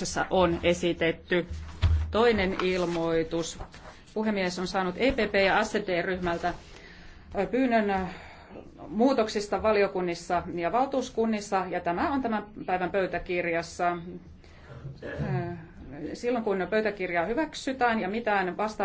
tarkistuksessa on esitetty. Toinen ilmoitus. Puhemies on saanut EPP- ja SED-ryhmältä pyynnön muutoksista valiokunnissa ja valtuuskunnissa, ja tämä on tämän päivän pöytäkirjassa. Silloin kun pöytäkirja hyväksytään ja mitään vasta